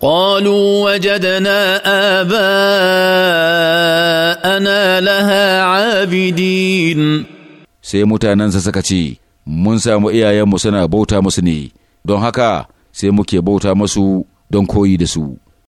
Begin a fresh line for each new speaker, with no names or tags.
قالوا وجدنا آباءنا لها عابدين
sai mutanensa suka ce, Mun samu iyayenmu suna bauta musu ne, don haka sai muke bauta masu
don koyi da su.